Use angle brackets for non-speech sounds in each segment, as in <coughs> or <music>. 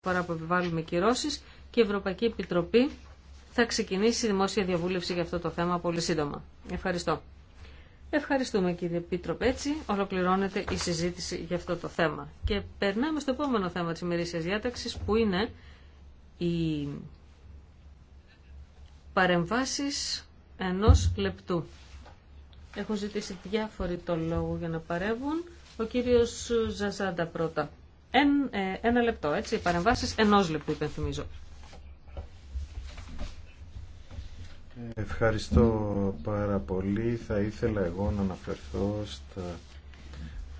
φορά που επιβάλλουμε κυρώσει και η Ευρωπαϊκή Επιτροπή θα ξεκινήσει η δημόσια διαβούλευση για αυτό το θέμα πολύ σύντομα. Ευχαριστώ. Ευχαριστούμε κύριε Επίτροπε. Έτσι ολοκληρώνεται η συζήτηση για αυτό το θέμα. Και περνάμε στο επόμενο θέμα της ημερήσιας διάταξη που είναι οι παρεμβάσει ενός λεπτού. Έχουν ζητήσει διάφοροι το λόγο για να παρεύουν. Ο κύριος Ζαζάντα πρώτα. Ε, ένα λεπτό, έτσι, οι παρεμβάσεις ενός λεπτού υπενθυμίζω. Ευχαριστώ πάρα πολύ. Θα ήθελα εγώ να αναφερθώ στα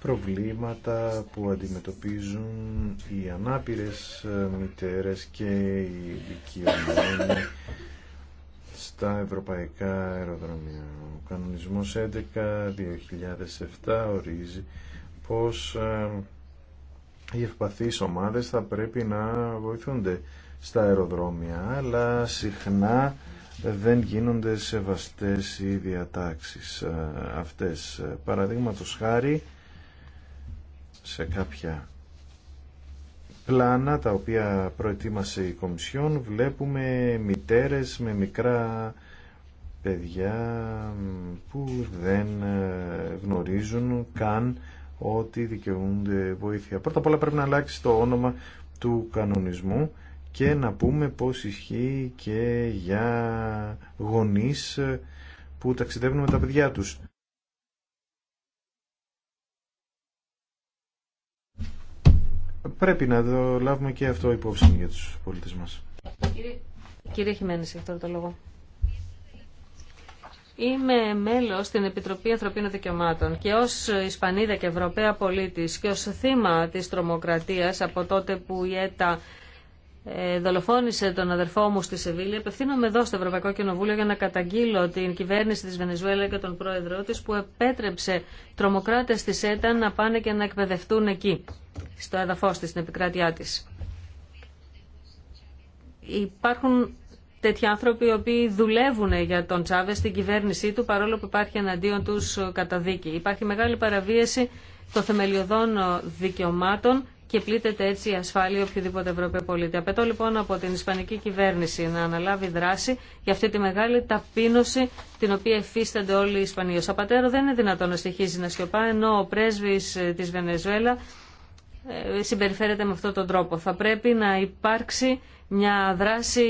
προβλήματα που αντιμετωπίζουν οι ανάπηρες ε, μητέρες και οι δικαιωμένοι στα ευρωπαϊκά αεροδρομία. Ο κανονισμός 11-2007 ορίζει πως ε, οι ευπαθείς ομάδες θα πρέπει να βοηθούνται στα αεροδρόμια, αλλά συχνά δεν γίνονται σεβαστές οι διατάξεις ε, αυτές. Παραδείγματος χάρη, σε κάποια πλάνα τα οποία προετοίμασε η Κομισιόν βλέπουμε μητέρες με μικρά παιδιά που δεν ε, γνωρίζουν καν ότι δικαιούνται βοήθεια. Πρώτα απ' όλα πρέπει να αλλάξει το όνομα του κανονισμού και να πούμε πως ισχύει και για γονείς που ταξιδεύουν με τα παιδιά τους. Πρέπει να το λάβουμε και αυτό υπόψη για τους πολίτες μας. Κύριε, Κύριε αυτό το λόγο. Είμαι μέλος στην Επιτροπή Ανθρωπίνων Δικαιωμάτων και ως Ισπανίδα και Ευρωπαία πολίτης και ως θύμα της τρομοκρατίας από τότε που η ΕΤΑ ε, δολοφόνησε τον αδερφό μου στη Σεβίλη, απευθύνομαι εδώ στο Ευρωπαϊκό Κοινοβούλιο για να καταγγείλω την κυβέρνηση της Βενεζουέλα και τον πρόεδρό της που επέτρεψε τρομοκράτες της ΕΤΑ να πάνε και να εκπαιδευτούν εκεί, στο εδαφό της, στην επικράτειά της. Υπάρχουν τέτοιοι άνθρωποι οι οποίοι δουλεύουν για τον Τσάβε στην κυβέρνησή του παρόλο που υπάρχει εναντίον τους καταδίκη. Υπάρχει μεγάλη παραβίαση των θεμελιωδών δικαιωμάτων και πλήττεται έτσι η ασφάλεια οποιοδήποτε Ευρωπαίου πολίτη. Απαιτώ λοιπόν από την Ισπανική κυβέρνηση να αναλάβει δράση για αυτή τη μεγάλη ταπείνωση την οποία εφίστανται όλοι οι Ισπανοί. Ο Σαπατέρο δεν είναι δυνατόν να στοιχίζει να σιωπά, ενώ ο πρέσβη ε, τη Βενεζουέλα ε, συμπεριφέρεται με αυτόν τον τρόπο. Θα πρέπει να υπάρξει μια δράση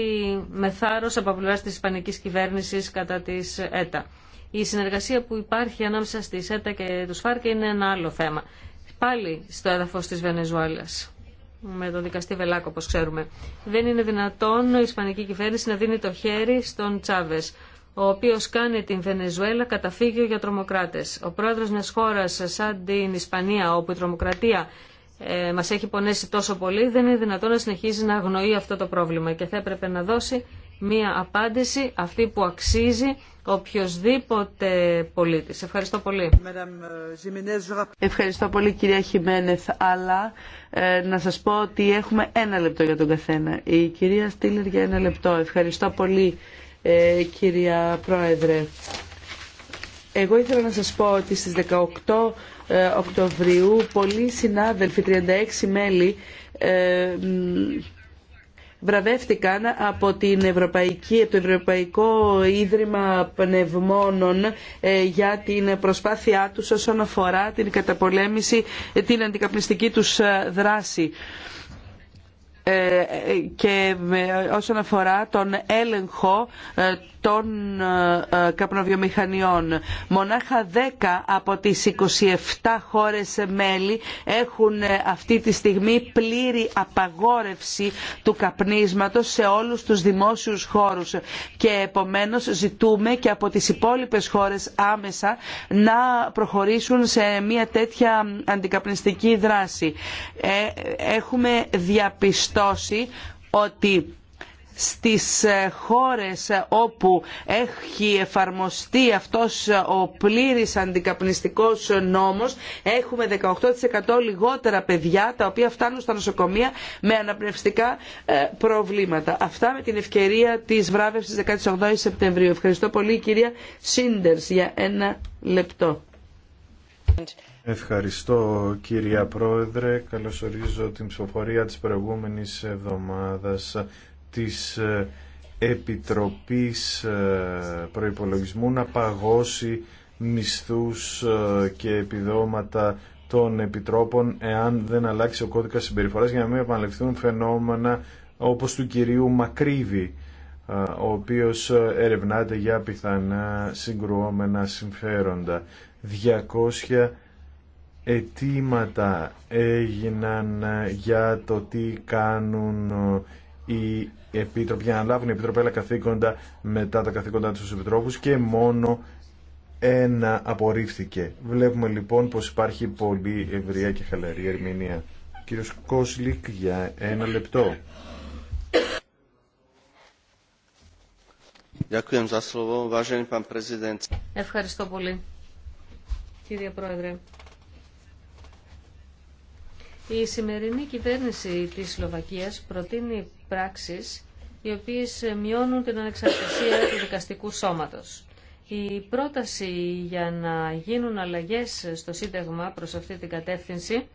με θάρρος από πλευράς της Ισπανικής κυβέρνησης κατά της ΕΤΑ. Η συνεργασία που υπάρχει ανάμεσα στις ΕΤΑ και τους ΦΑΡΚΕ είναι ένα άλλο θέμα. Πάλι στο έδαφος της Βενεζουέλας με τον δικαστή Βελάκο, όπως ξέρουμε. Δεν είναι δυνατόν η Ισπανική κυβέρνηση να δίνει το χέρι στον Τσάβες, ο οποίος κάνει την Βενεζουέλα καταφύγιο για τρομοκράτες. Ο πρόεδρος μιας χώρας σαν την Ισπανία, όπου η τρομοκρατία ε, μας έχει πονέσει τόσο πολύ, δεν είναι δυνατόν να συνεχίζει να αγνοεί αυτό το πρόβλημα και θα έπρεπε να δώσει μία απάντηση αυτή που αξίζει οποιοδήποτε πολίτης. Ευχαριστώ πολύ. Ευχαριστώ πολύ κυρία Χιμένεθ, αλλά ε, να σας πω ότι έχουμε ένα λεπτό για τον καθένα. Η κυρία Στήλερ για ένα λεπτό. Ευχαριστώ πολύ ε, κυρία Πρόεδρε. Εγώ ήθελα να σας πω ότι στις 18 ε, Οκτωβρίου πολλοί συνάδελφοι, 36 μέλη, ε, βραβεύτηκαν από, την Ευρωπαϊκή, από το Ευρωπαϊκό Ίδρυμα Πνευμόνων ε, για την προσπάθειά τους όσον αφορά την καταπολέμηση, την αντικαπνιστική τους δράση και όσον αφορά τον έλεγχο των ε, ε, καπνοβιομηχανιών. Μονάχα 10 από τις 27 χώρες μέλη έχουν ε, αυτή τη στιγμή πλήρη απαγόρευση του καπνίσματος σε όλους τους δημόσιους χώρους και επομένως ζητούμε και από τις υπόλοιπες χώρες άμεσα να προχωρήσουν σε μια τέτοια αντικαπνιστική δράση. Έχουμε διαπιστώσει ότι στις ε, χώρες όπου έχει εφαρμοστεί αυτός ο πλήρης αντικαπνιστικός νόμος έχουμε 18% λιγότερα παιδιά τα οποία φτάνουν στα νοσοκομεία με αναπνευστικά ε, προβλήματα. Αυτά με την ευκαιρία της βράβευσης 18 Σεπτεμβρίου. Ευχαριστώ πολύ κυρία Σίντερς για ένα λεπτό. Ευχαριστώ κυρία Πρόεδρε. Καλωσορίζω την ψηφοφορία της προηγούμενης εβδομάδας της ε, Επιτροπής ε, Προϋπολογισμού να παγώσει μισθούς ε, και επιδόματα των επιτρόπων εάν δεν αλλάξει ο κώδικας συμπεριφοράς για να μην επαναληφθούν φαινόμενα όπως του κυρίου Μακρύβη ο οποίος ερευνάται για πιθανά συγκρουόμενα συμφέροντα. 200 αιτήματα έγιναν για το τι κάνουν οι επίτροποι, για να λάβουν οι επίτροποι άλλα καθήκοντα μετά τα καθήκοντά του στου και μόνο ένα απορρίφθηκε. Βλέπουμε λοιπόν πως υπάρχει πολύ ευρεία και χαλαρή ερμηνεία. Κύριος Κόσλικ για ένα λεπτό. Ευχαριστώ πολύ, κύριε Πρόεδρε. Η σημερινή κυβέρνηση της Σλοβακίας προτείνει πράξεις οι οποίες μειώνουν την ανεξαρτησία του δικαστικού σώματος. Η πρόταση για να γίνουν αλλαγές στο Σύνταγμα προς αυτή την κατεύθυνση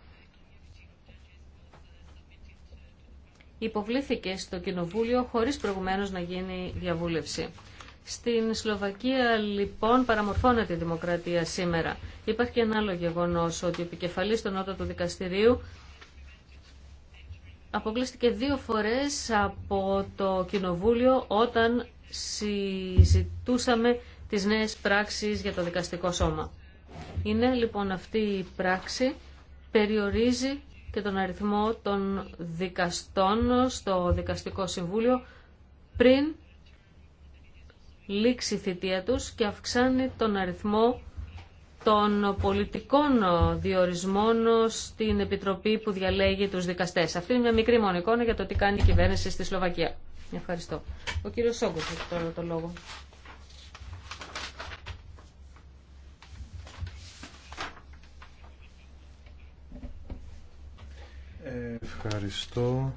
υποβλήθηκε στο Κοινοβούλιο χωρίς προηγουμένως να γίνει διαβούλευση. Στην Σλοβακία λοιπόν παραμορφώνεται η δημοκρατία σήμερα. Υπάρχει και ένα άλλο γεγονός ότι ο επικεφαλής του του Δικαστηρίου αποκλείστηκε δύο φορές από το Κοινοβούλιο όταν συζητούσαμε τις νέες πράξεις για το δικαστικό σώμα. Είναι λοιπόν αυτή η πράξη περιορίζει και τον αριθμό των δικαστών στο Δικαστικό Συμβούλιο πριν λήξει η θητεία τους και αυξάνει τον αριθμό των πολιτικών διορισμών στην Επιτροπή που διαλέγει τους δικαστές. Αυτή είναι μια μικρή μόνο εικόνα για το τι κάνει η κυβέρνηση στη Σλοβακία. Ευχαριστώ. Ο κύριος Σόγκος έχει τώρα το λόγο. Ευχαριστώ.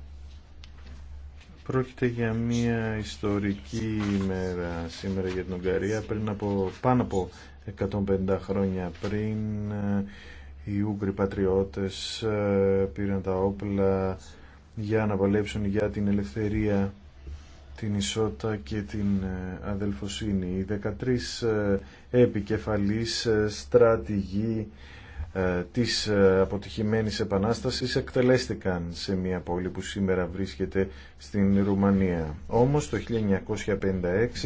Πρόκειται για μια ιστορική ημέρα σήμερα για την Ουγγαρία. Πριν από πάνω από 150 χρόνια πριν ε, οι Ούγγροι πατριώτες ε, πήραν τα όπλα για να παλέψουν για την ελευθερία, την ισότητα και την ε, αδελφοσύνη. Οι 13 επικεφαλής στρατηγοί της αποτυχημένης επανάστασης εκτελέστηκαν σε μια πόλη που σήμερα βρίσκεται στην Ρουμανία. Όμως το 1956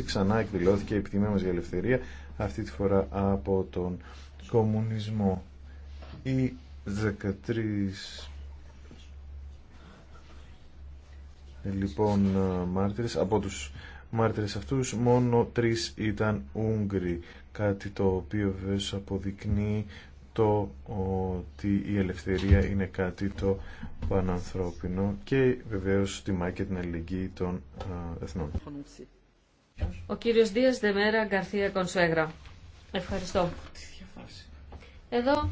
ξανά εκδηλώθηκε η επιθυμία μας για ελευθερία αυτή τη φορά από τον κομμουνισμό. Οι 13 λοιπόν μάρτυρες, από τους μάρτυρες αυτούς μόνο τρεις ήταν Ούγγροι, κάτι το οποίο βεβαίως αποδεικνύει το ότι η ελευθερία είναι κάτι το πανανθρώπινο και βεβαίως τιμά και την αλληλεγγύη των ε, εθνών. Ο κύριος Δίας Δεμέρα Γκαρθία Κονσουέγρα. Ευχαριστώ. Εδώ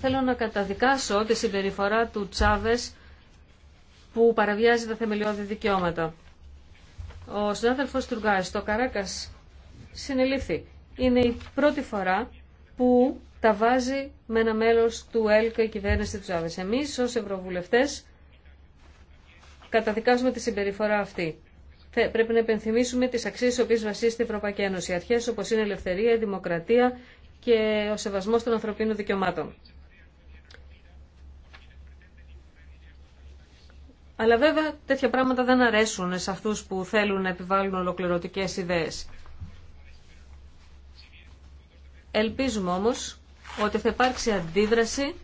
θέλω να καταδικάσω τη συμπεριφορά του Τσάβες που παραβιάζει τα θεμελιώδη δικαιώματα. Ο συνάδελφος Τουργάης το Καράκας συνελήφθη. Είναι η πρώτη φορά που τα βάζει με ένα μέλος του ΕΛΚΑ η κυβέρνηση του Τσάβες. Εμείς ως ευρωβουλευτές καταδικάζουμε τη συμπεριφορά αυτή πρέπει να επενθυμίσουμε τις αξίες στις οποίες βασίζεται η Ευρωπαϊκή Ένωση. Αρχέ όπω είναι η ελευθερία, η δημοκρατία και ο σεβασμός των ανθρωπίνων δικαιωμάτων. Αλλά βέβαια τέτοια πράγματα δεν αρέσουν σε αυτούς που θέλουν να επιβάλλουν ολοκληρωτικές ιδέες. Ελπίζουμε όμως ότι θα υπάρξει αντίδραση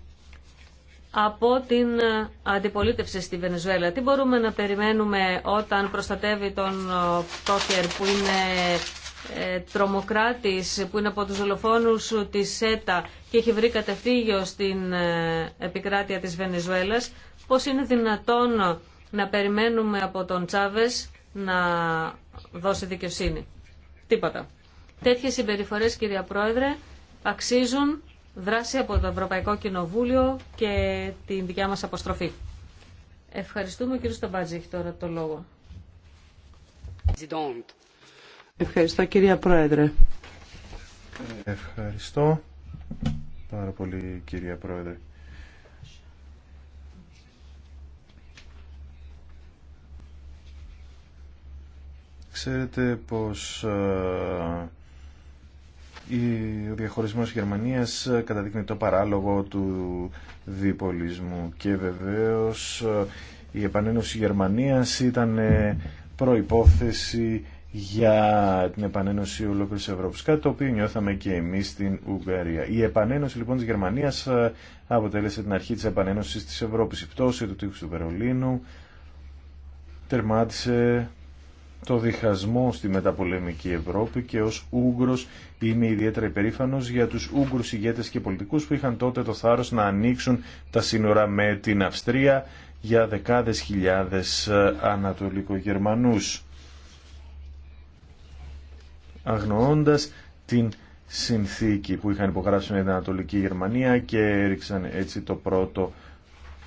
από την ε, αντιπολίτευση στη Βενεζουέλα. Τι μπορούμε να περιμένουμε όταν προστατεύει τον ε, Τόκερ που είναι ε, τρομοκράτης που είναι από τους δολοφόνους της ΣΕΤΑ και έχει βρει κατεφύγιο στην επικράτεια της Βενεζουέλας πώς είναι δυνατόν να περιμένουμε από τον Τσάβες να δώσει δικαιοσύνη. Τίποτα. Τέτοιες συμπεριφορές κυρία Πρόεδρε αξίζουν δράση από το Ευρωπαϊκό Κοινοβούλιο και την δικιά μας αποστροφή. Ευχαριστούμε. Ο κύριος Σταμπάτζη έχει τώρα το λόγο. Ευχαριστώ κυρία Πρόεδρε. Ευχαριστώ πάρα πολύ κυρία Πρόεδρε. Ξέρετε πως ε, ο διαχωρισμός Γερμανίας καταδείκνει το παράλογο του διπολισμού και βεβαίως η επανένωση Γερμανίας ήταν προϋπόθεση για την επανένωση ολόκληρη Ευρώπη. Κάτι το οποίο νιώθαμε και εμεί στην Ουγγαρία. Η επανένωση λοιπόν τη Γερμανία αποτέλεσε την αρχή τη επανένωση τη Ευρώπη. Η πτώση του τείχου του Βερολίνου τερμάτισε το διχασμό στη μεταπολεμική Ευρώπη και ως Ούγγρος είμαι ιδιαίτερα υπερήφανος για τους Ούγγρους ηγέτες και πολιτικούς που είχαν τότε το θάρρος να ανοίξουν τα σύνορα με την Αυστρία για δεκάδες χιλιάδες ε, Ανατολικογερμανούς αγνοώντας την συνθήκη που είχαν υπογράψει με την Ανατολική Γερμανία και έριξαν έτσι το πρώτο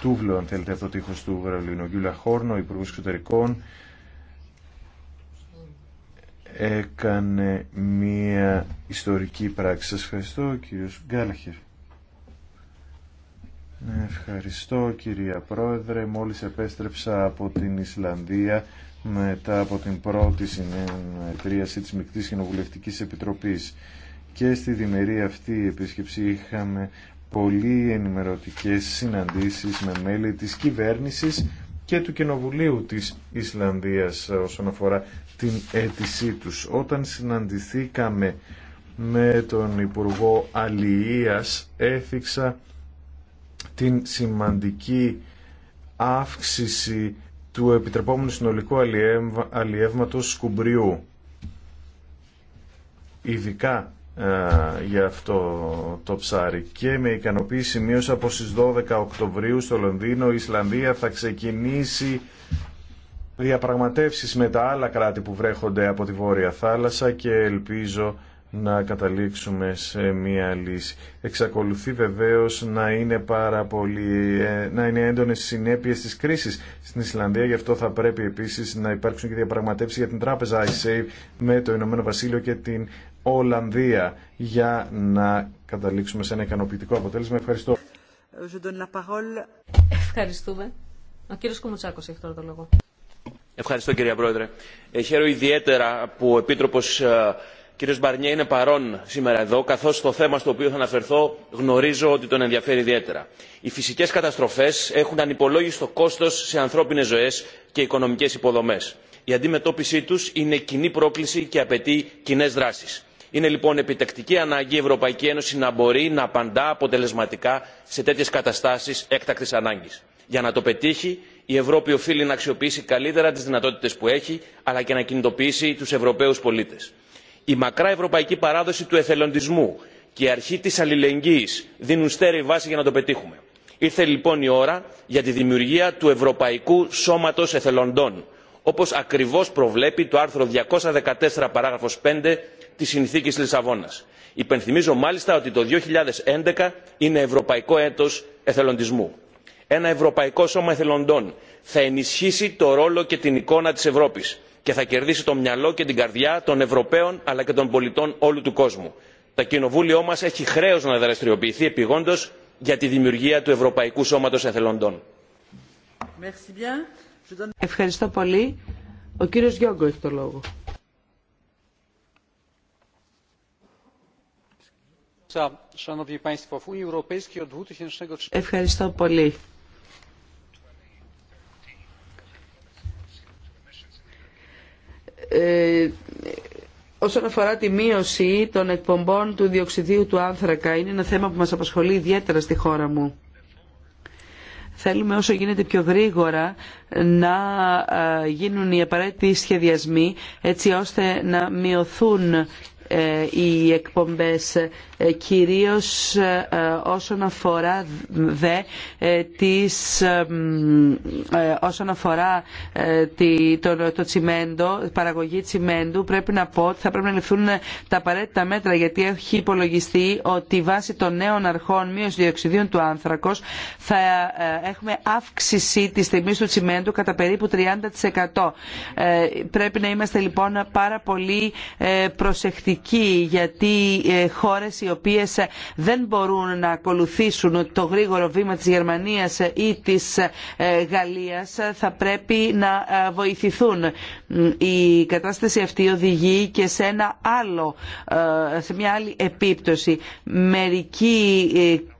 τούβλο αν θέλετε αυτό το τείχος του Βερολίνου. Γιούλα Χόρνο, Υπουργός Εξωτερικών έκανε μία ιστορική πράξη. Σας ευχαριστώ κύριος Γκάλαχερ. Ευχαριστώ κυρία Πρόεδρε. Μόλις επέστρεψα από την Ισλανδία μετά από την πρώτη συνεδρίαση της Μικτής Κοινοβουλευτικής Επιτροπής. Και στη διμερή αυτή επίσκεψη είχαμε πολύ ενημερωτικές συναντήσεις με μέλη της κυβέρνησης και του Κοινοβουλίου της Ισλανδίας ε, όσον αφορά την αίτησή τους. Όταν συναντηθήκαμε με τον Υπουργό Αλληλείας έθιξα την σημαντική αύξηση του επιτρεπόμενου συνολικού αλλιεύματος σκουμπριού. Ειδικά ε, για αυτό το ψάρι. Και με ικανοποίηση μείωσα από στις 12 Οκτωβρίου στο Λονδίνο η Ισλανδία θα ξεκινήσει διαπραγματεύσεις με τα άλλα κράτη που βρέχονται από τη Βόρεια Θάλασσα και ελπίζω να καταλήξουμε σε μία λύση. Εξακολουθεί βεβαίως να είναι πάρα πολύ, ε, να είναι έντονες συνέπειες της κρίσης στην Ισλανδία, γι' αυτό θα πρέπει επίσης να υπάρξουν και διαπραγματεύσεις για την τράπεζα iSave με το Ηνωμένο Βασίλειο και την Ολλανδία για να καταλήξουμε σε ένα ικανοποιητικό αποτέλεσμα. Ευχαριστώ. Ευχαριστούμε. Ο κύριος Κουμουτσάκος έχει τώρα το λόγο. Ευχαριστώ κύριε Πρόεδρε. Ε, χαίρομαι ιδιαίτερα που ο επίτροπο ε, κύριος Μπαρνιέ είναι παρόν σήμερα εδώ, καθώ το θέμα στο οποίο θα αναφερθώ γνωρίζω ότι τον ενδιαφέρει ιδιαίτερα. Οι φυσικέ καταστροφέ έχουν ανυπολόγιστο κόστο σε ανθρώπινε ζωέ και οικονομικέ υποδομέ. Η αντιμετώπιση του είναι κοινή πρόκληση και απαιτεί κοινέ δράσει είναι λοιπόν επιτακτική ανάγκη η ευρωπαϊκή ένωση να μπορεί να απαντά αποτελεσματικά σε τέτοιε καταστάσει έκτακτη ανάγκη. για να το πετύχει η ευρώπη οφείλει να αξιοποιήσει καλύτερα τι δυνατότητε που έχει αλλά και να κινητοποιήσει του ευρωπαίου πολίτε. η μακρά ευρωπαϊκή παράδοση του εθελοντισμού και η αρχή τη αλληλεγγύη δίνουν στέρεη βάση για να το πετύχουμε. ήρθε λοιπόν η ώρα για τη δημιουργία του ευρωπαϊκού σώματο εθελοντών όπω ακριβώ προβλέπει το άρθρο 214 παράγραφο 5 της συνθήκης Λισαβόνα. Υπενθυμίζω μάλιστα ότι το 2011 είναι Ευρωπαϊκό Έτος Εθελοντισμού. Ένα Ευρωπαϊκό Σώμα Εθελοντών θα ενισχύσει το ρόλο και την εικόνα της Ευρώπης και θα κερδίσει το μυαλό και την καρδιά των Ευρωπαίων αλλά και των πολιτών όλου του κόσμου. Το κοινοβούλιο μας έχει χρέος να δραστηριοποιηθεί επιγόντως για τη δημιουργία του Ευρωπαϊκού Σώματος Εθελοντών. Ο το λόγο. Ευχαριστώ πολύ. Ε, όσον αφορά τη μείωση των εκπομπών του διοξιδίου του άνθρακα, είναι ένα θέμα που μας απασχολεί ιδιαίτερα στη χώρα μου. Θέλουμε όσο γίνεται πιο γρήγορα να ε, γίνουν οι απαραίτητοι σχεδιασμοί έτσι ώστε να μειωθούν ε, οι εκπομπές ε, κυρίως ε, όσον αφορά δε όσον αφορά το, το τσιμέντο, παραγωγή τσιμέντου πρέπει να πω ότι θα πρέπει να ληφθούν τα απαραίτητα μέτρα γιατί έχει υπολογιστεί ότι βάσει των νέων αρχών μείωση διοξιδίων του άνθρακος θα έχουμε αύξηση της τιμής του τσιμέντου κατά περίπου 30%. Πρέπει να είμαστε λοιπόν πάρα πολύ προσεκτικοί γιατί ε, χώρες οι οποίες δεν μπορούν να ακολουθήσουν το γρήγορο βήμα της Γερμανίας ή της ε, Γαλλίας θα πρέπει να ε, βοηθηθούν. Η κατάσταση αυτή οδηγεί και σε, ένα άλλο, σε μια άλλη επίπτωση. Μερικοί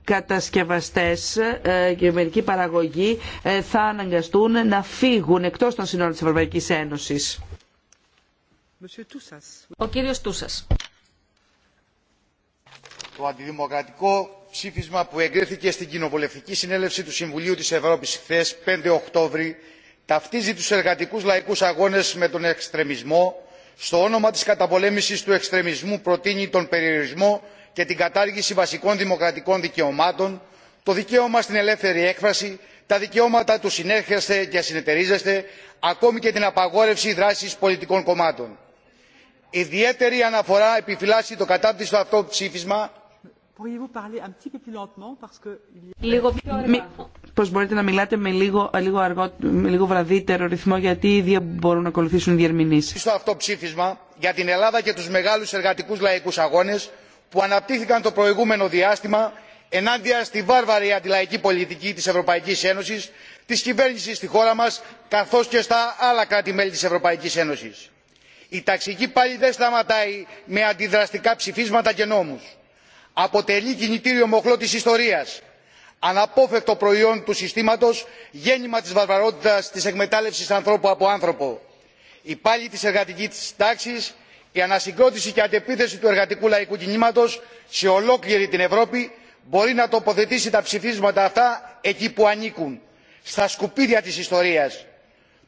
κατασκευαστές και μερικοί παραγωγοί θα αναγκαστούν να φύγουν εκτός των συνόρων της Ευρωπαϊκής Ένωσης. Ο Το αντιδημοκρατικό ψήφισμα που εγκρίθηκε στην Κοινοβουλευτική Συνέλευση του Συμβουλίου της Ευρώπης χθες 5 Οκτώβρη ταυτίζει τους εργατικούς λαϊκούς αγώνες με τον εξτρεμισμό στο όνομα της καταπολέμησης του εξτρεμισμού προτείνει τον περιορισμό και την κατάργηση βασικών δημοκρατικών δικαιωμάτων το δικαίωμα στην ελεύθερη έκφραση τα δικαιώματα του συνέρχεστε και συνεταιρίζεστε ακόμη και την απαγόρευση δράσης πολιτικών κομμάτων ιδιαίτερη αναφορά επιφυλάσσει το κατάπτυστο αυτό ψήφισμα μπορείτε να μιλάτε με λίγο, ρυθμό γιατί ήδη μπορούν να ακολουθήσουν Στο αυτό ψήφισμα για την Ελλάδα και τους μεγάλους εργατικούς λαϊκούς αγώνες που αναπτύχθηκαν το προηγούμενο διάστημα ενάντια στη βάρβαρη αντιλαϊκή πολιτική της Ευρωπαϊκής Ένωσης, της κυβέρνησης στη χώρα μας καθώς και στα άλλα κράτη-μέλη της Ευρωπαϊκής Ένωσης η ταξική πάλι δεν σταματάει με αντιδραστικά ψηφίσματα και νόμους. αποτελεί κινητήριο μοχλό της ιστορίας αναπόφευκτο προϊόν του συστήματος γέννημα της βαρβαρότητας της εκμετάλλευσης ανθρώπου από άνθρωπο. η πάλι της εργατικής τάξης η ανασυγκρότηση και αντεπίθεση του εργατικού λαϊκού κινήματος σε ολόκληρη την ευρώπη μπορεί να τοποθετήσει τα ψηφίσματα αυτά εκεί που ανήκουν στα σκουπίδια της ιστορίας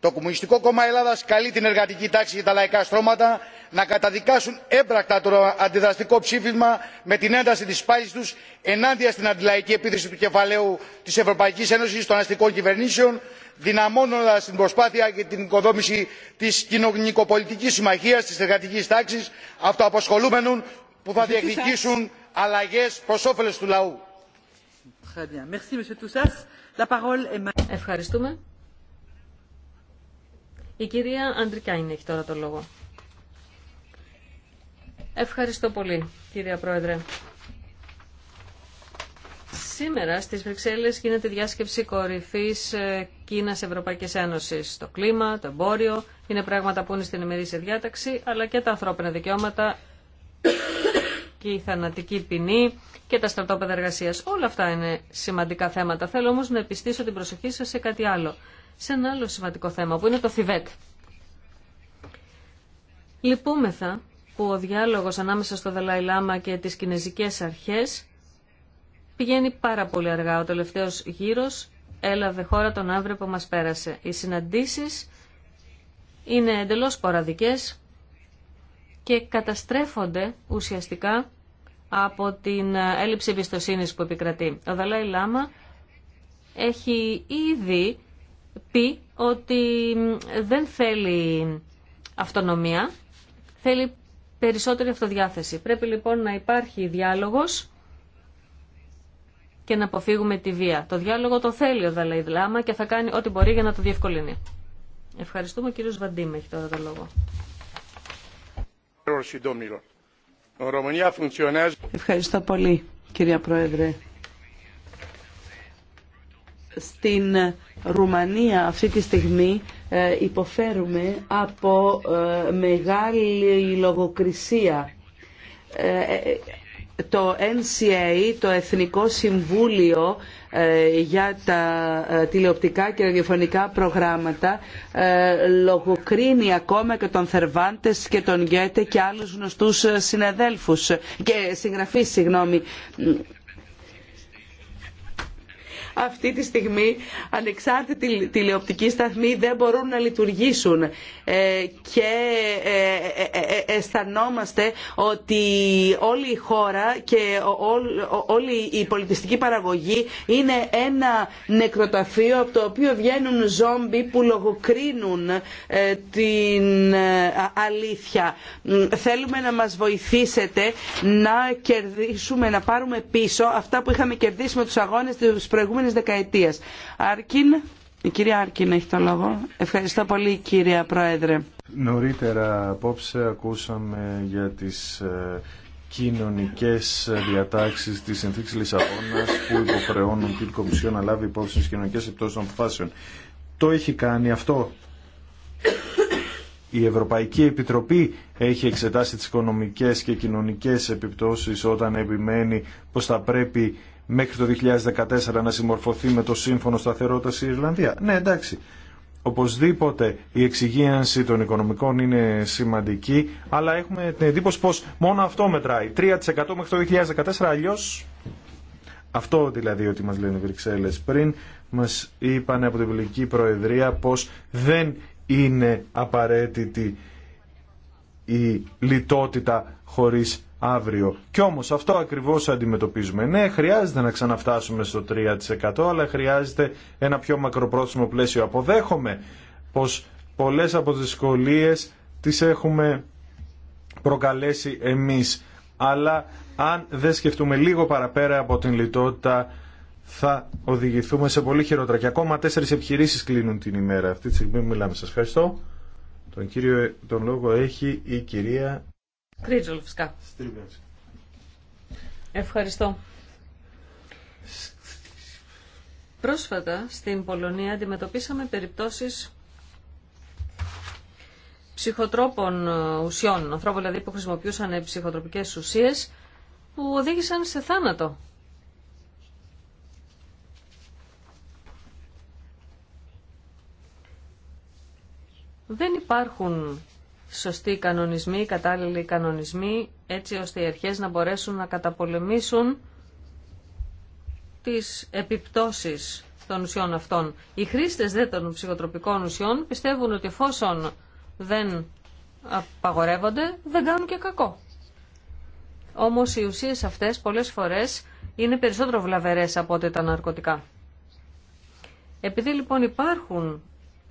το κομμουνιστικό κόμμα ελλάδας καλεί την εργατική τάξη και τα λαϊκά στρώματα να καταδικάσουν έμπρακτα το αντιδραστικό ψήφισμα με την ένταση της πάλης τους ενάντια στην αντιλαϊκή επίθεση του κεφαλαίου της ευρωπαϊκής ένωσης των αστικών κυβερνήσεων δυναμώνοντας την προσπάθεια για την οικοδόμηση της κοινωνικοπολιτικής συμμαχίας της εργατικής τάξης αυτοαποσχολούμενων που θα διεκδικήσουν αλλαγές προς όφελος του λαού. Ευχαριστούμε. Η κυρία Αντρικάιν έχει τώρα το λόγο. Ευχαριστώ πολύ, κυρία Πρόεδρε. Σήμερα στις Βρυξέλλες γίνεται διάσκεψη κορυφής ε, Κίνας Ευρωπαϊκής Ένωσης. Το κλίμα, το εμπόριο είναι πράγματα που είναι στην ημερήσια διάταξη, αλλά και τα ανθρώπινα δικαιώματα <coughs> και η θανατική ποινή και τα στρατόπεδα εργασίας. Όλα αυτά είναι σημαντικά θέματα. Θέλω όμως να επιστήσω την προσοχή σας σε κάτι άλλο σε ένα άλλο σημαντικό θέμα που είναι το Θιβέτ. Λυπούμεθα που ο διάλογος ανάμεσα στο Δαλάι Λάμα και τις κινέζικες αρχές πηγαίνει πάρα πολύ αργά. Ο τελευταίος γύρος έλαβε χώρα τον αύριο που μας πέρασε. Οι συναντήσεις είναι εντελώς ποραδικές και καταστρέφονται ουσιαστικά από την έλλειψη εμπιστοσύνη που επικρατεί. Ο Δαλάι Λάμα έχει ήδη πει ότι δεν θέλει αυτονομία, θέλει περισσότερη αυτοδιάθεση. Πρέπει λοιπόν να υπάρχει διάλογος και να αποφύγουμε τη βία. Το διάλογο το θέλει ο Δαλαϊδλάμα και θα κάνει ό,τι μπορεί για να το διευκολύνει. Ευχαριστούμε. Ο κύριος Βαντίμ έχει τώρα το λόγο. Ευχαριστώ πολύ, κυρία Πρόεδρε στην Ρουμανία αυτή τη στιγμή ε, υποφέρουμε από ε, μεγάλη λογοκρισία. Ε, το NCA, το Εθνικό Συμβούλιο για τα τηλεοπτικά και ραδιοφωνικά προγράμματα λογοκρίνει ακόμα και τον Θερβάντες και τον Γκέτε και άλλους γνωστούς συναδέλφους και συγγραφείς, συγγνώμη αυτή τη στιγμή ανεξάρτητη τηλεοπτικοί σταθμοί δεν μπορούν να λειτουργήσουν ε, και ε, ε, αισθανόμαστε ότι όλη η χώρα και όλη η πολιτιστική παραγωγή είναι ένα νεκροταφείο από το οποίο βγαίνουν ζόμπι που λογοκρίνουν την αλήθεια. Θέλουμε να μας βοηθήσετε να κερδίσουμε, να πάρουμε πίσω αυτά που είχαμε κερδίσει με τους αγώνες της προηγούμενους της δεκαετίας. Άρκιν, η κυρία Άρκιν έχει το λόγο. Ευχαριστώ πολύ κυρία Πρόεδρε. Νωρίτερα απόψε ακούσαμε για τις ε, κοινωνικέ διατάξει τη συνθήκη Λισαβόνα που υποχρεώνουν την Κομισιό να λάβει υπόψη στις κοινωνικές επιπτώσεις των αποφάσεων. Το έχει κάνει αυτό. Η Ευρωπαϊκή Επιτροπή έχει εξετάσει τις οικονομικές και κοινωνικές επιπτώσεις όταν επιμένει πως θα πρέπει μέχρι το 2014 να συμμορφωθεί με το Σύμφωνο σταθερότητα η Ιρλανδία. Ναι, εντάξει. Οπωσδήποτε η εξυγίανση των οικονομικών είναι σημαντική, αλλά έχουμε την εντύπωση πώ μόνο αυτό μετράει. 3% μέχρι το 2014, Αλλιώ. αυτό δηλαδή ότι μας λένε οι Βρυξέλλες πριν, μας είπαν από την Βουλική Προεδρία πως δεν είναι απαραίτητη η λιτότητα χωρίς αύριο. Κι όμως αυτό ακριβώς αντιμετωπίζουμε. Ναι, χρειάζεται να ξαναφτάσουμε στο 3% αλλά χρειάζεται ένα πιο μακροπρόθεσμο πλαίσιο. Αποδέχομαι πως πολλές από τις δυσκολίε τις έχουμε προκαλέσει εμείς. Αλλά αν δεν σκεφτούμε λίγο παραπέρα από την λιτότητα θα οδηγηθούμε σε πολύ χειρότερα. Και ακόμα τέσσερις επιχειρήσεις κλείνουν την ημέρα. Αυτή τη στιγμή μιλάμε. Σας ευχαριστώ. Τον, κύριο, τον λόγο έχει η κυρία Κρίτζολφσκα. Ευχαριστώ. Πρόσφατα στην Πολωνία αντιμετωπίσαμε περιπτώσεις ψυχοτρόπων ε, ουσιών, ανθρώπων δηλαδή που χρησιμοποιούσαν ψυχοτροπικές ουσίες που οδήγησαν σε θάνατο. Δεν υπάρχουν σωστοί κανονισμοί, κατάλληλοι κανονισμοί, έτσι ώστε οι αρχές να μπορέσουν να καταπολεμήσουν τις επιπτώσεις των ουσιών αυτών. Οι χρήστες δε των ψυχοτροπικών ουσιών πιστεύουν ότι εφόσον δεν απαγορεύονται, δεν κάνουν και κακό. Όμως οι ουσίες αυτές πολλές φορές είναι περισσότερο βλαβερές από ό,τι τα ναρκωτικά. Επειδή λοιπόν υπάρχουν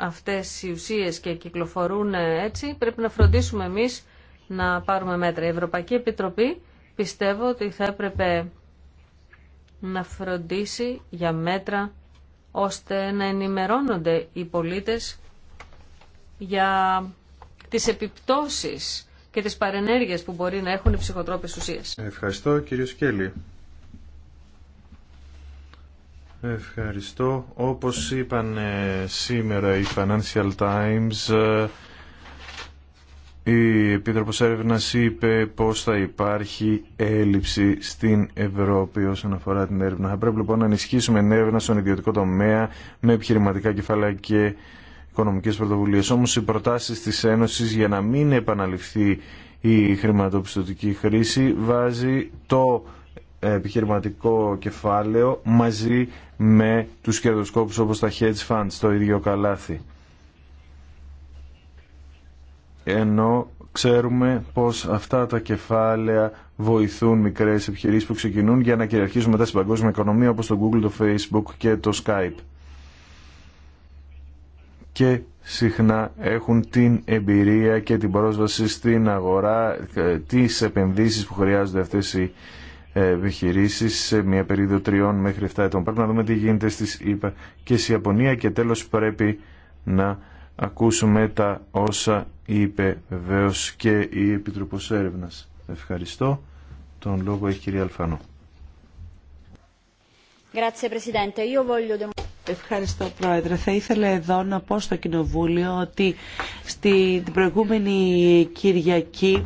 αυτές οι ουσίες και κυκλοφορούν ε, έτσι, πρέπει να φροντίσουμε εμείς να πάρουμε μέτρα. Η Ευρωπαϊκή Επιτροπή πιστεύω ότι θα έπρεπε να φροντίσει για μέτρα ώστε να ενημερώνονται οι πολίτες για τις επιπτώσεις και τις παρενέργειες που μπορεί να έχουν οι ψυχοτρόπες ουσίες. Ευχαριστώ κύριε Σκέλη. Ευχαριστώ. Όπως είπαν σήμερα οι Financial Times, ε, η Επίτροπος Έρευνας είπε πως θα υπάρχει έλλειψη στην Ευρώπη όσον αφορά την έρευνα. Θα πρέπει λοιπόν να ενισχύσουμε την έρευνα στον ιδιωτικό τομέα με επιχειρηματικά κεφάλαια και οικονομικές πρωτοβουλίες. Όμως οι προτάσεις της Ένωσης για να μην επαναληφθεί η χρηματοπιστωτική χρήση βάζει το επιχειρηματικό κεφάλαιο μαζί με τους κερδοσκόπους όπως τα hedge funds στο ίδιο καλάθι. Ενώ ξέρουμε πως αυτά τα κεφάλαια βοηθούν μικρές επιχειρήσεις που ξεκινούν για να κυριαρχήσουν μετά στην παγκόσμια οικονομία όπως το Google, το Facebook και το Skype. Και συχνά έχουν την εμπειρία και την πρόσβαση στην αγορά, ε, τις επενδύσεις που χρειάζονται αυτές οι επιχειρήσει σε μια περίοδο τριών μέχρι 7 ετών. Πρέπει να δούμε τι γίνεται στις ΗΠΑ και στη Ιαπωνία και τέλος πρέπει να ακούσουμε τα όσα είπε βεβαίω και η Επιτροπός Έρευνας. Ευχαριστώ. Τον λόγο έχει η κυρία Αλφανό. Ευχαριστώ Πρόεδρε. Θα ήθελα εδώ να πω στο Κοινοβούλιο ότι στην προηγούμενη Κυριακή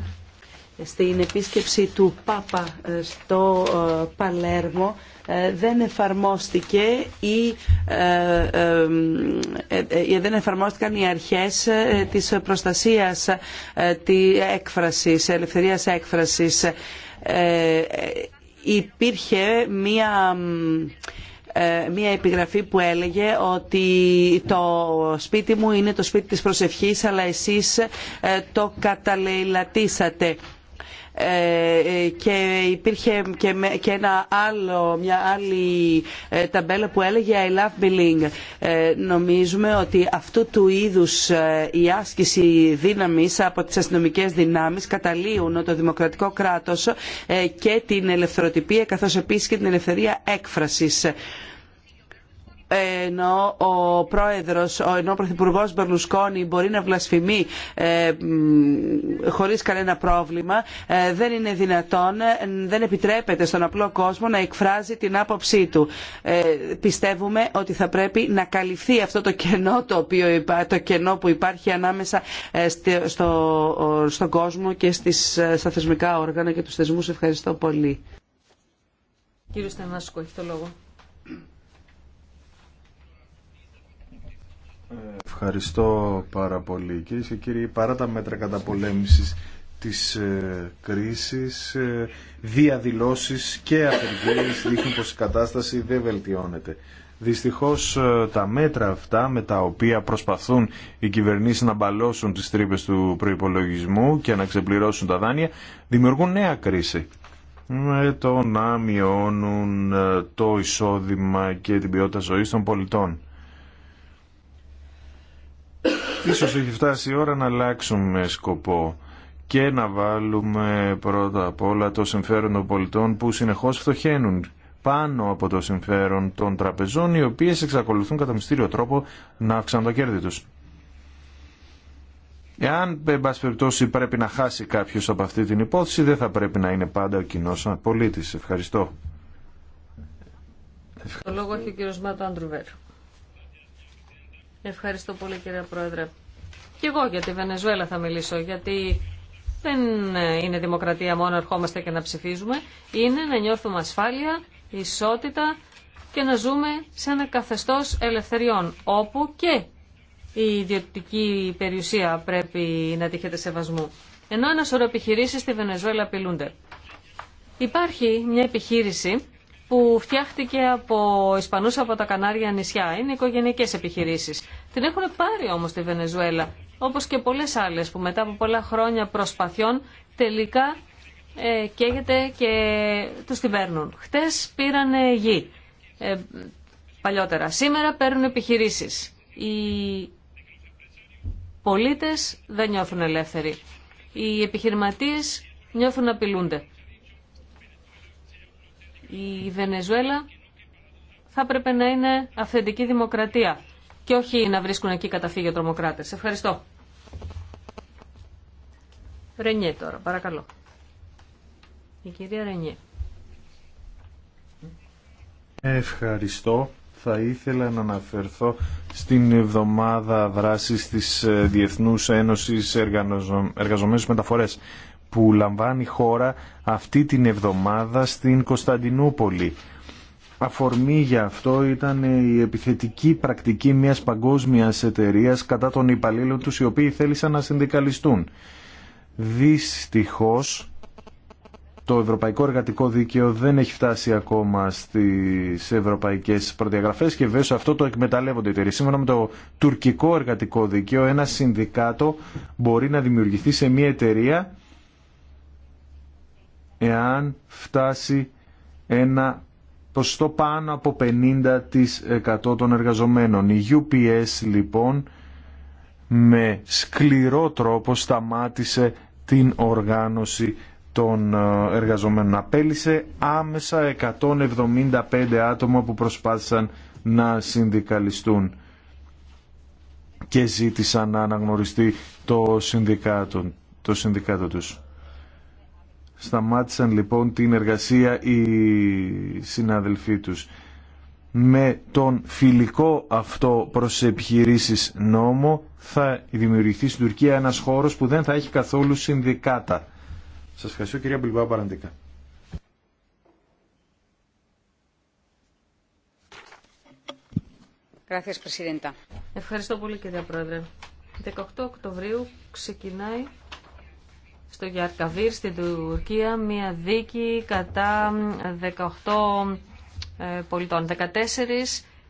στην επίσκεψη του Πάπα ε, στο ε, Παλέρμο ε, δεν εφαρμόστηκε ή δεν εφαρμόστηκαν οι αρχές της προστασίας της έκφρασης, ελευθερίας έκφρασης. Υπήρχε μία μια επιγραφή που έλεγε ότι το σπίτι μου είναι το σπίτι της προσευχής αλλά εσείς το καταλεηλατίσατε. Ε, και υπήρχε και ένα άλλο, μια άλλη ε, ταμπέλα που έλεγε I love billing. Ε, νομίζουμε ότι αυτού του είδους η άσκηση δύναμης από τις αστυνομικές δυνάμεις καταλύουν το δημοκρατικό κράτος και την ελευθεροτυπία καθώς επίσης και την ελευθερία έκφρασης ενώ ο πρόεδρος, ενώ ο πρωθυπουργός Μπερλουσκόνη μπορεί να βλασφημεί ε, χωρίς κανένα πρόβλημα, ε, δεν είναι δυνατόν, ε, δεν επιτρέπεται στον απλό κόσμο να εκφράζει την άποψή του. Πιστεύουμε ότι θα πρέπει να καλυφθεί αυτό το κενό, το, οποίο, το κενό που υπάρχει ανάμεσα στο, στον κόσμο και στις, στα θεσμικά όργανα και τους θεσμούς. Ευχαριστώ πολύ. Κύριε Στενάσκο, έχει το λόγο. Ευχαριστώ πάρα πολύ. Κυρίε και κύριοι, παρά τα μέτρα καταπολέμησης της ε, κρίσης, ε, διαδηλώσεις και απεργίες δείχνουν πως η κατάσταση δεν βελτιώνεται. Δυστυχώς ε, τα μέτρα αυτά με τα οποία προσπαθούν οι κυβερνήσεις να μπαλώσουν τις τρύπες του προϋπολογισμού και να ξεπληρώσουν τα δάνεια δημιουργούν νέα κρίση με το να μειώνουν το εισόδημα και την ποιότητα ζωή των πολιτών. Ίσως έχει φτάσει η ώρα να αλλάξουμε σκοπό και να βάλουμε πρώτα απ' όλα το συμφέρον των πολιτών που συνεχώς φτωχαίνουν πάνω από το συμφέρον των τραπεζών οι οποίες εξακολουθούν κατά μυστήριο τρόπο να αυξάνουν το κέρδη τους. Εάν, εν πάση περιπτώσει, πρέπει να χάσει κάποιο από αυτή την υπόθεση, δεν θα πρέπει να είναι πάντα ο κοινό πολίτη. Ευχαριστώ. Το λόγο έχει ο κ. Ευχαριστώ πολύ κύριε Πρόεδρε. Και εγώ για τη Βενεζουέλα θα μιλήσω, γιατί δεν είναι δημοκρατία μόνο ερχόμαστε και να ψηφίζουμε. Είναι να νιώθουμε ασφάλεια, ισότητα και να ζούμε σε ένα καθεστώς ελευθεριών, όπου και η ιδιωτική περιουσία πρέπει να τύχεται σεβασμού. Ενώ ένα σωρό επιχειρήσει στη Βενεζουέλα απειλούνται. Υπάρχει μια επιχείρηση που φτιάχτηκε από Ισπανούς από τα Κανάρια νησιά. Είναι οικογενειακές επιχειρήσεις. Την έχουν πάρει όμως τη Βενεζουέλα, όπως και πολλές άλλες που μετά από πολλά χρόνια προσπαθειών τελικά ε, καίγεται και τους την παίρνουν. Χτες πήραν γη. Ε, παλιότερα. Σήμερα παίρνουν επιχειρήσεις. Οι πολίτες δεν νιώθουν ελεύθεροι. Οι επιχειρηματίε νιώθουν να απειλούνται η Βενεζουέλα θα έπρεπε να είναι αυθεντική δημοκρατία και όχι να βρίσκουν εκεί καταφύγιο τρομοκράτες. Ευχαριστώ. Ρενιέ τώρα, παρακαλώ. Η κυρία Ρενιέ. Ευχαριστώ. Θα ήθελα να αναφερθώ στην εβδομάδα δράσης της ε, Διεθνούς Ένωσης Εργαζομένους Μεταφορές που λαμβάνει χώρα αυτή την εβδομάδα στην Κωνσταντινούπολη. Αφορμή για αυτό ήταν η επιθετική πρακτική μιας παγκόσμιας εταιρείας κατά των υπαλλήλων τους οι οποίοι θέλησαν να συνδικαλιστούν. Δυστυχώς το Ευρωπαϊκό Εργατικό Δίκαιο δεν έχει φτάσει ακόμα στις ευρωπαϊκές προδιαγραφές και βέβαια αυτό το εκμεταλλεύονται οι εταιρείες. Σύμφωνα με το τουρκικό εργατικό δίκαιο ένα συνδικάτο μπορεί να δημιουργηθεί σε μια εταιρεία εάν φτάσει ένα ποσοστό πάνω από 50% των εργαζομένων. Η UPS λοιπόν με σκληρό τρόπο σταμάτησε την οργάνωση των ε, εργαζομένων. Απέλησε άμεσα 175 άτομα που προσπάθησαν να συνδικαλιστούν και ζήτησαν να αναγνωριστεί το συνδικάτο, το συνδικάτο τους. Σταμάτησαν λοιπόν την εργασία οι συναδελφοί τους. Με τον φιλικό αυτό προς επιχειρήσεις νόμο θα δημιουργηθεί στην Τουρκία ένας χώρος που δεν θα έχει καθόλου συνδικάτα. Σας ευχαριστώ κυρία Μπιλμπά Παραντικά. Ευχαριστώ πολύ κυρία Πρόεδρε. 18 Οκτωβρίου ξεκινάει στο Γιαρκαβίρ στην Τουρκία μια δίκη κατά 18 ε, πολιτών. 14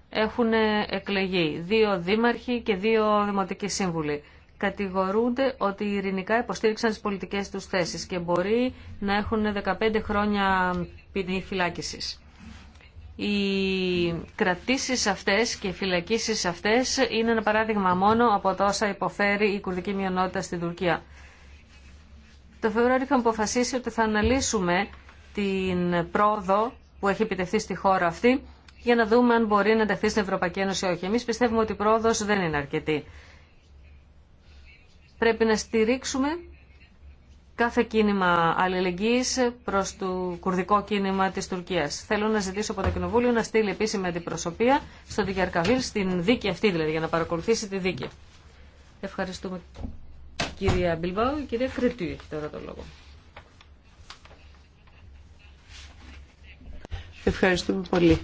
έχουν εκλεγεί, δύο δήμαρχοι και δύο δημοτικοί σύμβουλοι. Κατηγορούνται ότι ειρηνικά υποστήριξαν τις πολιτικές τους θέσεις και μπορεί να έχουν 15 χρόνια ποινή φυλάκισης. Οι κρατήσεις αυτές και οι φυλακίσεις αυτές είναι ένα παράδειγμα μόνο από τόσα υποφέρει η κουρδική μειονότητα στην Τουρκία. Το Φεβρουάριο είχαμε αποφασίσει ότι θα αναλύσουμε την πρόοδο που έχει επιτευχθεί στη χώρα αυτή για να δούμε αν μπορεί να ενταχθεί στην Ευρωπαϊκή Ένωση ή όχι. Εμεί πιστεύουμε ότι η πρόοδο δεν είναι αρκετή. Πρέπει να στηρίξουμε κάθε κίνημα αλληλεγγύη προ το κουρδικό κίνημα τη Τουρκία. Θέλω να ζητήσω από το Κοινοβούλιο να στείλει επίσημη αντιπροσωπεία στον Τικιαρκαβίλ, στην δίκη αυτή δηλαδή, για να παρακολουθήσει τη δίκη. Ευχαριστούμε κυρία Μπιλβάου, Η κυρία Κρετή έχει τώρα το λόγο. Ευχαριστούμε πολύ.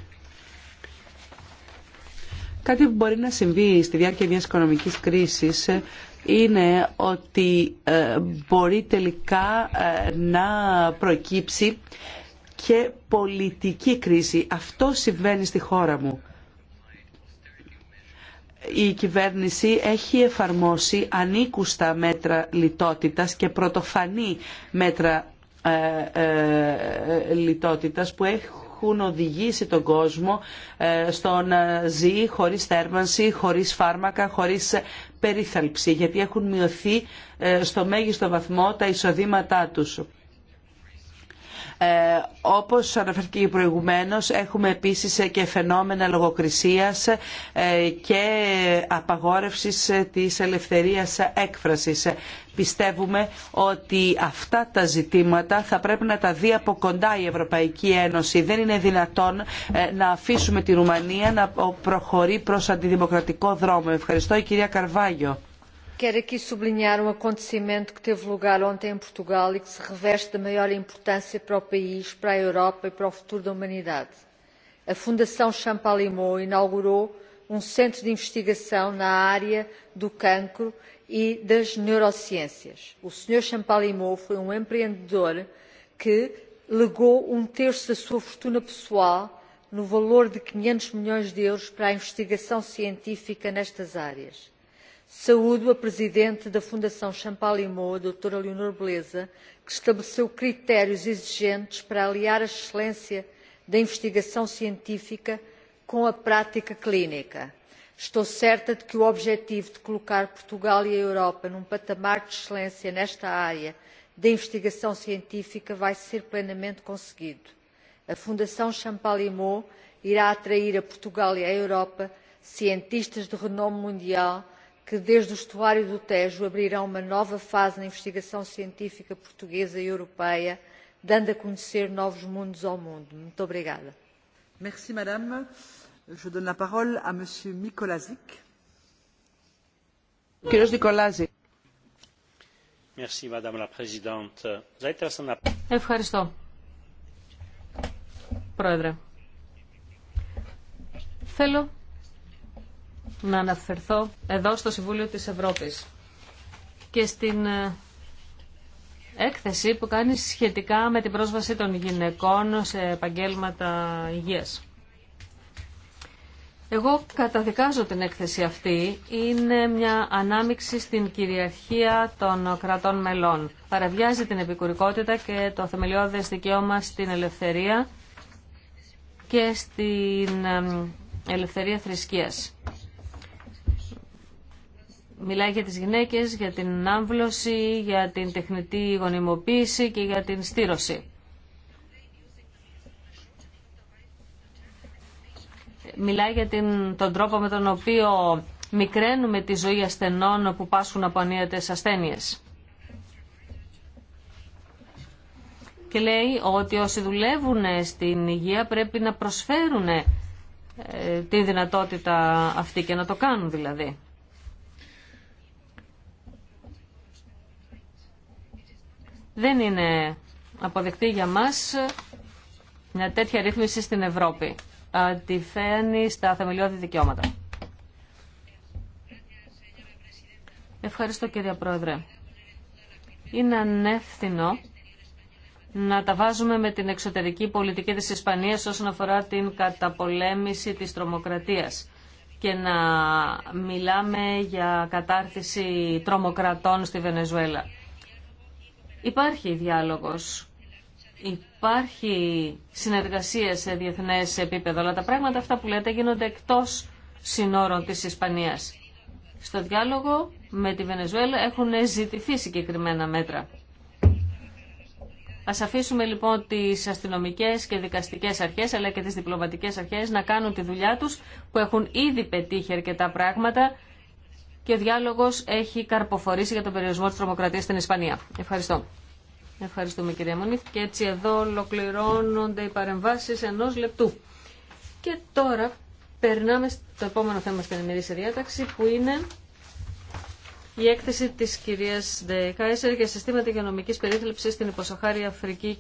Κάτι που μπορεί να συμβεί στη διάρκεια μιας οικονομικής κρίσης ε, είναι ότι ε, μπορεί τελικά ε, να προκύψει και πολιτική κρίση. Αυτό συμβαίνει στη χώρα μου η κυβέρνηση έχει εφαρμόσει ανήκουστα μέτρα λιτότητας και πρωτοφανή μέτρα ε, ε λιτότητας που έχουν οδηγήσει τον κόσμο στον ε, στο να ζει χωρίς θέρμανση, χωρίς φάρμακα, χωρίς περίθαλψη γιατί έχουν μειωθεί ε, στο μέγιστο βαθμό τα εισοδήματά τους. Ε, όπως αναφέρθηκε προηγουμένως έχουμε επίσης και φαινόμενα λογοκρισίας ε, και απαγόρευσης της ελευθερίας έκφρασης. Πιστεύουμε ότι αυτά τα ζητήματα θα πρέπει να τα δει από κοντά η Ευρωπαϊκή Ένωση. Δεν είναι δυνατόν ε, να αφήσουμε τη Ρουμανία να προχωρεί προς αντιδημοκρατικό δρόμο. Ευχαριστώ η κυρία Καρβάγιο. Quero aqui sublinhar um acontecimento que teve lugar ontem em Portugal e que se reveste da maior importância para o país, para a Europa e para o futuro da humanidade. A Fundação Champalimaud inaugurou um centro de investigação na área do cancro e das neurociências. O Sr. Champalimaud foi um empreendedor que legou um terço da sua fortuna pessoal no valor de 500 milhões de euros para a investigação científica nestas áreas saúdo a presidente da fundação champalimaud a doutora leonor beleza que estabeleceu critérios exigentes para aliar a excelência da investigação científica com a prática clínica. estou certa de que o objetivo de colocar portugal e a europa num patamar de excelência nesta área da investigação científica vai ser plenamente conseguido. a fundação champalimaud irá atrair a portugal e à europa cientistas de renome mundial que desde o estuário do Tejo abrirão uma nova fase na investigação científica portuguesa e europeia, dando a conhecer novos mundos ao mundo. Muito obrigada. Merci, madame. Je donne la parole à monsieur Merci, madame la présidente να αναφερθώ εδώ στο Συμβούλιο της Ευρώπης και στην ε, έκθεση που κάνει σχετικά με την πρόσβαση των γυναικών σε επαγγέλματα υγείας. Εγώ καταδικάζω την έκθεση αυτή. Είναι μια ανάμιξη στην κυριαρχία των κρατών μελών. Παραβιάζει την επικουρικότητα και το θεμελιώδες δικαίωμα στην ελευθερία και στην ε, ελευθερία θρησκείας. Μιλάει για τις γυναίκες, για την άμβλωση, για την τεχνητή γονιμοποίηση και για την στήρωση. Μιλάει για τον τρόπο με τον οποίο μικραίνουμε τη ζωή ασθενών που πάσχουν από ανίατες ασθένειες. Και λέει ότι όσοι δουλεύουν στην υγεία πρέπει να προσφέρουν ε, τη δυνατότητα αυτή και να το κάνουν δηλαδή. Δεν είναι αποδεκτή για μας μια τέτοια ρύθμιση στην Ευρώπη. Αντιφαίνει στα θεμελιώδη δικαιώματα. Ευχαριστώ κύριε Πρόεδρε. Είναι ανεύθυνο να τα βάζουμε με την εξωτερική πολιτική της Ισπανίας όσον αφορά την καταπολέμηση της τρομοκρατίας και να μιλάμε για κατάρτιση τρομοκρατών στη Βενεζουέλα. Υπάρχει διάλογος, υπάρχει συνεργασία σε διεθνές επίπεδο, αλλά τα πράγματα αυτά που λέτε γίνονται εκτός συνόρων της Ισπανίας. Στο διάλογο με τη Βενεζουέλα έχουν ζητηθεί συγκεκριμένα μέτρα. Ας αφήσουμε λοιπόν τις αστυνομικές και δικαστικές αρχές αλλά και τις διπλωματικές αρχές να κάνουν τη δουλειά τους που έχουν ήδη πετύχει αρκετά πράγματα και ο διάλογος έχει καρποφορήσει για τον περιορισμό της τρομοκρατία στην Ισπανία. Ευχαριστώ. Ευχαριστούμε κυρία Μονίθ και έτσι εδώ ολοκληρώνονται οι παρεμβάσει ενό λεπτού. Και τώρα περνάμε στο επόμενο θέμα στην ημερήσια διάταξη που είναι η έκθεση της κυρίας Κάισερ για συστήματα υγειονομικής περίθαλψης στην υποσοχάρια Αφρική και